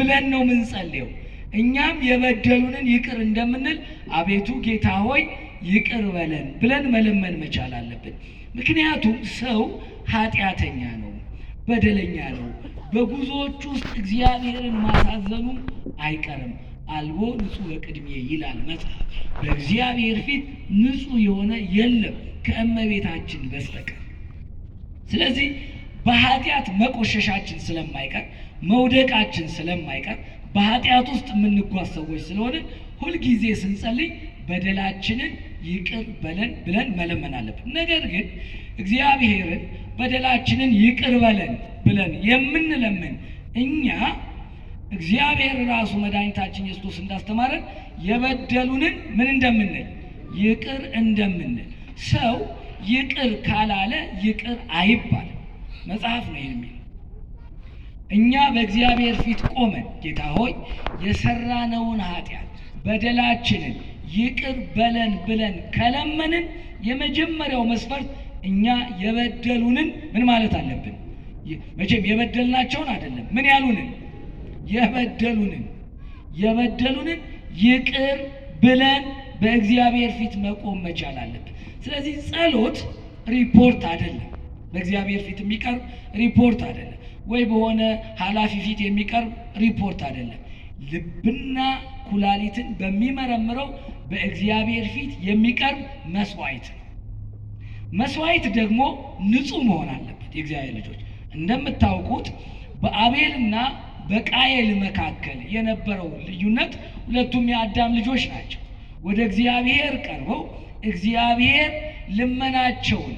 ብለን ነው ምንጸልየው። እኛም የበደሉንን ይቅር እንደምንል አቤቱ ጌታ ሆይ ይቅር በለን ብለን መለመን መቻል አለብን። ምክንያቱም ሰው ኃጢአተኛ ነው፣ በደለኛ ነው። በጉዞዎች ውስጥ እግዚአብሔርን ማሳዘኑ አይቀርም። አልቦ ንጹሕ በቅድሜ ይላል መጽሐፍ። በእግዚአብሔር ፊት ንጹሕ የሆነ የለም ከእመቤታችን በስተቀር። ስለዚህ በኃጢአት መቆሸሻችን ስለማይቀር መውደቃችን ስለማይቀር በኃጢአት ውስጥ የምንጓዝ ሰዎች ስለሆነ ሁልጊዜ ስንጸልይ በደላችንን ይቅር በለን ብለን መለመን አለብን። ነገር ግን እግዚአብሔርን በደላችንን ይቅር በለን ብለን የምንለምን እኛ እግዚአብሔር ራሱ መድኃኒታችን ኢየሱስ እንዳስተማረን የበደሉንን ምን እንደምንል ይቅር እንደምንል። ሰው ይቅር ካላለ ይቅር አይባልም። መጽሐፍ ነው የሚለው እኛ በእግዚአብሔር ፊት ቆመን ጌታ ሆይ የሰራነውን ኃጢአት በደላችንን ይቅር በለን ብለን ከለመንን የመጀመሪያው መስፈርት እኛ የበደሉንን ምን ማለት አለብን? መቼም የበደልናቸውን አይደለም። ምን ያሉንን? የበደሉንን የበደሉንን ይቅር ብለን በእግዚአብሔር ፊት መቆም መቻል አለብን። ስለዚህ ጸሎት ሪፖርት አይደለም። በእግዚአብሔር ፊት የሚቀርብ ሪፖርት አይደለም፣ ወይ በሆነ ኃላፊ ፊት የሚቀርብ ሪፖርት አይደለም። ልብና ኩላሊትን በሚመረምረው በእግዚአብሔር ፊት የሚቀርብ መስዋዕት ነው። መስዋዕት ደግሞ ንጹህ መሆን አለበት። የእግዚአብሔር ልጆች እንደምታውቁት በአቤልና በቃየል መካከል የነበረው ልዩነት ሁለቱም የአዳም ልጆች ናቸው። ወደ እግዚአብሔር ቀርበው እግዚአብሔር ልመናቸውን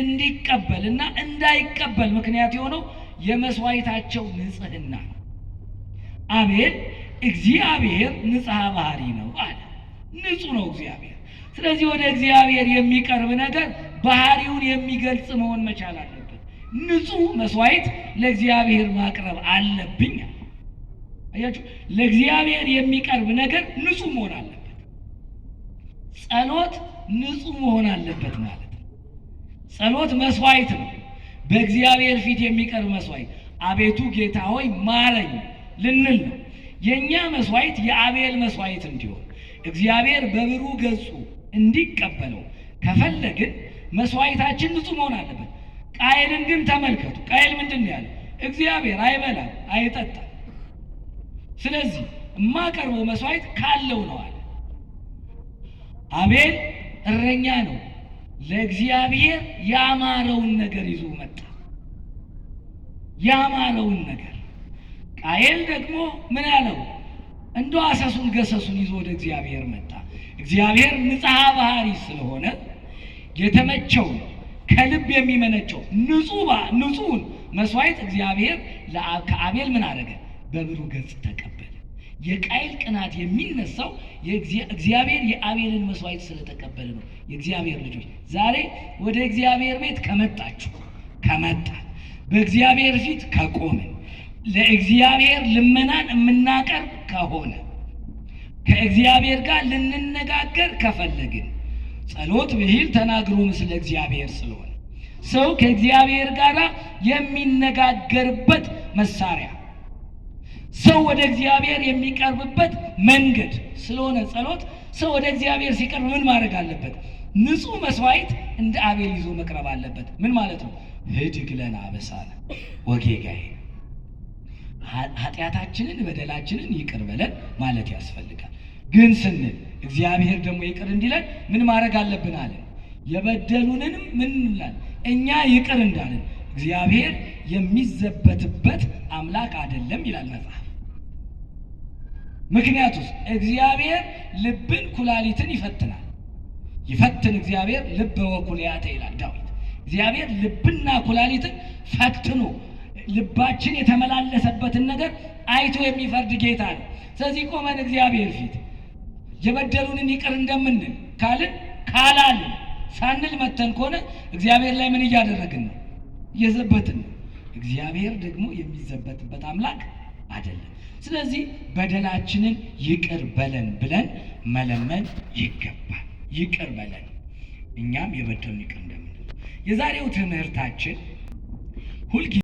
እንዲቀበል እና እንዳይቀበል ምክንያት የሆነው የመስዋዕታቸው ንጽህና ነው። አቤል እግዚአብሔር ንጽሐ ባህሪ ነው አለ። ንጹህ ነው እግዚአብሔር። ስለዚህ ወደ እግዚአብሔር የሚቀርብ ነገር ባህሪውን የሚገልጽ መሆን መቻል አለበት። ንጹህ መስዋዕት ለእግዚአብሔር ማቅረብ አለብኝ። አያችሁ፣ ለእግዚአብሔር የሚቀርብ ነገር ንጹህ መሆን አለበት። ጸሎት ንጹህ መሆን አለበት ማለት ጸሎት መስዋዕት ነው፣ በእግዚአብሔር ፊት የሚቀርብ መስዋዕት። አቤቱ ጌታ ሆይ ማረኝ ልንል ነው። የእኛ መስዋዕት የአቤል መስዋዕት እንዲሆን እግዚአብሔር በብሩ ገጹ እንዲቀበለው ከፈለግን መስዋዕታችን ንጹህ መሆን አለበት። ቃየልን ግን ተመልከቱ። ቃየል ምንድን ያለ? ያለው? እግዚአብሔር አይበላም አይጠጣም። ስለዚህ የማቀርበው መስዋዕት ካለው ነው አለ። አቤል እረኛ ነው። ለእግዚአብሔር ያማረውን ነገር ይዞ መጣ። ያማረውን ነገር ቃየል ደግሞ ምን አለው? እንደ አሰሱን ገሰሱን ይዞ ወደ እግዚአብሔር መጣ። እግዚአብሔር ንጽሐ ባህሪ ስለሆነ የተመቸው ከልብ የሚመነጨው ንጹህ ንጹህን መስዋዕት እግዚአብሔር ከአቤል ምን አደረገ? በብሩህ ገጽ ተቀበለ። የቃይል ቅናት የሚነሳው እግዚአብሔር የአቤልን መስዋዕት ስለተቀበለ ነው። የእግዚአብሔር ልጆች ዛሬ ወደ እግዚአብሔር ቤት ከመጣችሁ ከመጣ በእግዚአብሔር ፊት ከቆምን ለእግዚአብሔር ልመናን የምናቀርብ ከሆነ ከእግዚአብሔር ጋር ልንነጋገር ከፈለግን ጸሎት ብሂል ተናግሮ ምስለ እግዚአብሔር ስለሆነ ሰው ከእግዚአብሔር ጋር የሚነጋገርበት መሳሪያ ሰው ወደ እግዚአብሔር የሚቀርብበት መንገድ ስለሆነ ጸሎት ሰው ወደ እግዚአብሔር ሲቀርብ ምን ማድረግ አለበት? ንጹህ መስዋዕት እንደ አቤል ይዞ መቅረብ አለበት። ምን ማለት ነው? ህድግ ለነ አበሳነ ወጌጋዬ፣ ኃጢአታችንን በደላችንን ይቅር በለን ማለት ያስፈልጋል። ግን ስንል እግዚአብሔር ደግሞ ይቅር እንዲለን ምን ማድረግ አለብን አለ የበደሉንንም ምን እንላል እኛ ይቅር እንዳለን እግዚአብሔር የሚዘበትበት አምላክ አይደለም ይላል መጽሐፍ። ምክንያቱስ እግዚአብሔር ልብን ኩላሊትን ይፈትናል። ይፈትን እግዚአብሔር ልብ ወኩልያተ ይላል ዳዊት። እግዚአብሔር ልብና ኩላሊትን ፈትኖ ልባችን የተመላለሰበትን ነገር አይቶ የሚፈርድ ጌታ ነው። ስለዚህ ቆመን እግዚአብሔር ፊት የበደሉንን ይቅር እንደምንል ካልን ካላል ሳንል መተን ከሆነ እግዚአብሔር ላይ ምን እያደረግን ነው? እየዘበትን ነው። እግዚአብሔር ደግሞ የሚዘበትበት አምላክ አይደለም። ስለዚህ በደላችንን ይቅር በለን ብለን መለመን ይገባል። ይቅር በለን እኛም የበደሉን ይቅር እንደምንል የዛሬው ትምህርታችን ሁልጊዜ